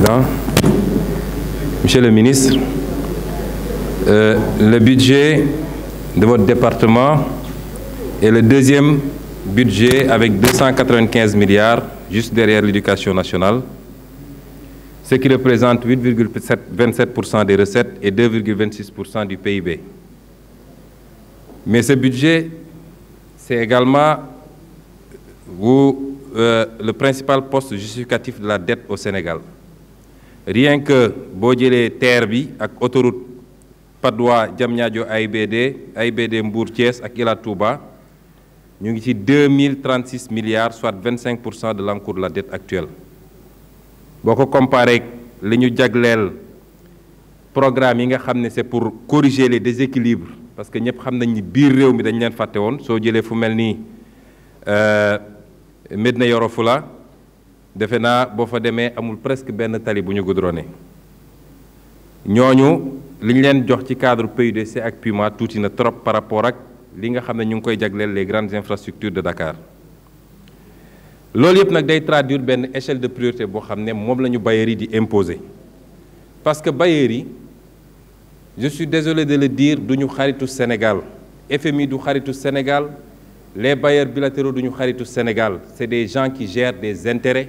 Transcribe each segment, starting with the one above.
Président, Monsieur le Ministre, euh, le budget de votre département est le deuxième budget avec 295 milliards, juste derrière l'éducation nationale, ce qui représente 8,27% des recettes et 2,26% du PIB. Mais ce budget, c'est également euh, le principal poste justificatif de la dette au Sénégal rien que pour jëlee terre bi ak autoroute Patte d'Oie AIBD AIBD Mbour nous ak Ila Touba ñu ngi 2036 milliards soit 25 de l'encours de la dette actuelle Si on compare les programmes, programme c'est pour corriger les déséquilibres parce que nous avons des ni biir réew mi dañ leen fàtte woon soo jëlee fu defe naa boo fa demee amul presque benn tali bu ñu de ñooñu li ñu leen jox ci cadre PUDC ak PUMA tuuti na trop par rapport ak li nga xam ne ñu ngi koy jagleel les grandes infrastructures de Dakar loolu yëpp nag day traduire benn échelle de priorité boo xam ne moom la ñu bailleurs yi di imposer parce que bailleurs yi je suis désolé de le dire du ñu xaritu Sénégal FMI du xaritu Sénégal les bailleurs bilatéraux du ñu xaritu Sénégal c'est des gens qui gèrent des intérêts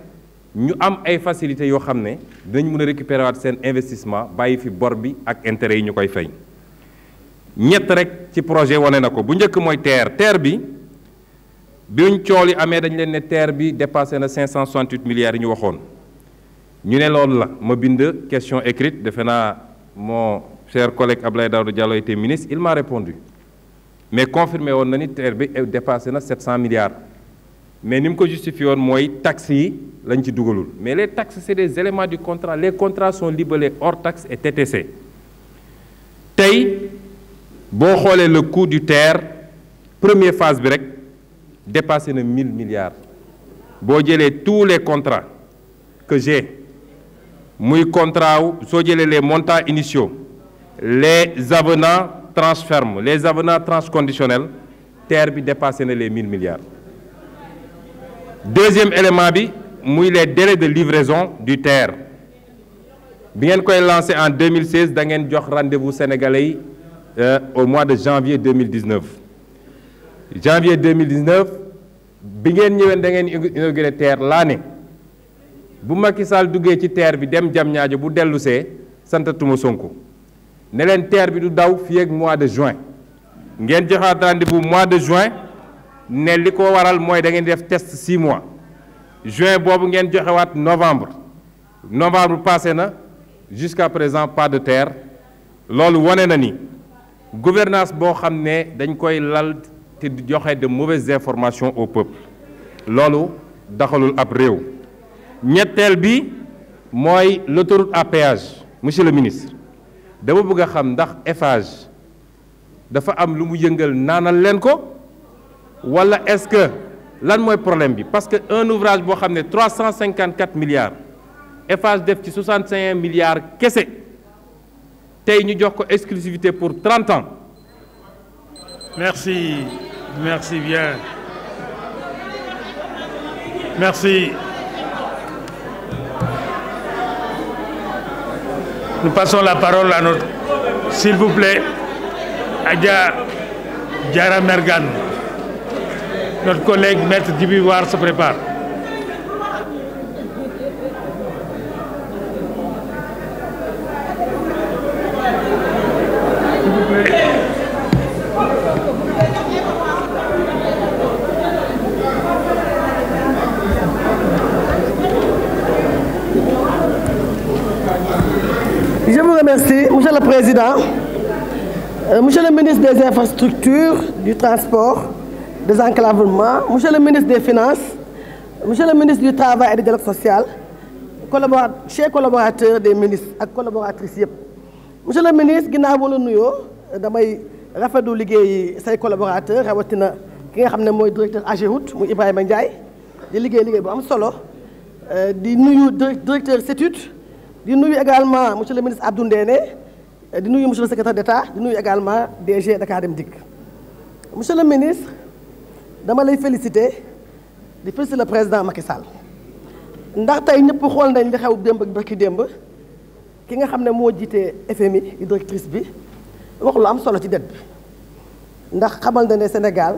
ñu am ay facilités yoo xam ne dañ mën a récupérer waat seen investissement bàyyi fi bor bi ak intérêt yi ñu koy fay ñett rek ci projet wane na ko bu njëkk mooy terre terre, bi biñ cool yi amee dañ leen ne terre bi dépassé na 568 milliards yi ñu waxoon ñu ne loolu la ma bind question écrite defe naa mon cher collègue Abdoulaye Daouda Diallo était ministre il m'a répondu mais confirmé woon na ni TER bi dépassé na 700 milliards mais nous ko taxes mais les taxes c'est des éléments du contrat les contrats sont libellés hors taxes et TTC tey vous le coût du terre, première phase bi dépasse dépassé 1 1000 milliards Vous tous les contrats que j'ai les contrat les montants initiaux les avenants transfermes les avenants transconditionnels terre dépasse dépassé na les 1000 milliards deuxième élément bi muy les délais de livraison du terre. bi ngeen koy lancé en 2016 da ngeen jox rendez-vous sénégalais yi euh, au mois de janvier 2019 janvier 2019 bi ngeen ñëwee da ngeen inauguré terre l'année. Si bu Macky Sall duggé ci terre bi dem vous bu dellusee santatuma Sonko ne leen terre bi du daw fi ak mois de juin ngeen joxaat rendez-vous mois de juin ne li ko waral mooy da ngeen def test six mois juin boobu ngeen joxewaat novembre novembre passé na jusqu'à présent pas de terre loolu wane na ni gouvernance boo xam ne dañ koy lal te joxe de mauvaises informations au peuple loolu daxalul ab réew ñetteel bi mooy l'autoroute à péage monsieur le ministre dama bëgg a xam ndax Eiffage dafa am lu mu yëngal naanal leen ko alors, est-ce que lan un problème parce qu'un ouvrage vous 354 milliards FHDF, 65 milliards quest c'est ñu jox exclusivité pour 30 ans. merci merci bien merci. Nous passons la parole à notre, s'il vous plaît, Adja Djara Mergan notre collègue Maître Dibuvoir se prépare. Je vous remercie, Monsieur le Président, euh, Monsieur le Ministre des Infrastructures, du Transport, désenclavement, monsieur le ministre des Finances, monsieur le ministre du Travail et du Dialogue Social, collaborateur, chers collaborateurs des ministres et collaboratrices monsieur le ministre ginnaaw ba la nuyoo damay rafetlu liggéey say collaborateurs rawatina ki nga xam directeur AGEROUTE muy Ibrahima Ndiaye di liggéey liggéey bu am solo euh, di directeur CETUD di nuyu également monsieur le ministre Abdou Ndene, di monsieur le secrétaire d'État di également DG Dakar Dem monsieur le ministre dama lay féliciter di le président Macky Sall ndax tay xol nañ li xew Vous ak barki demb ki nga FMI directrice bi wax lu am solo ci ndax Sénégal.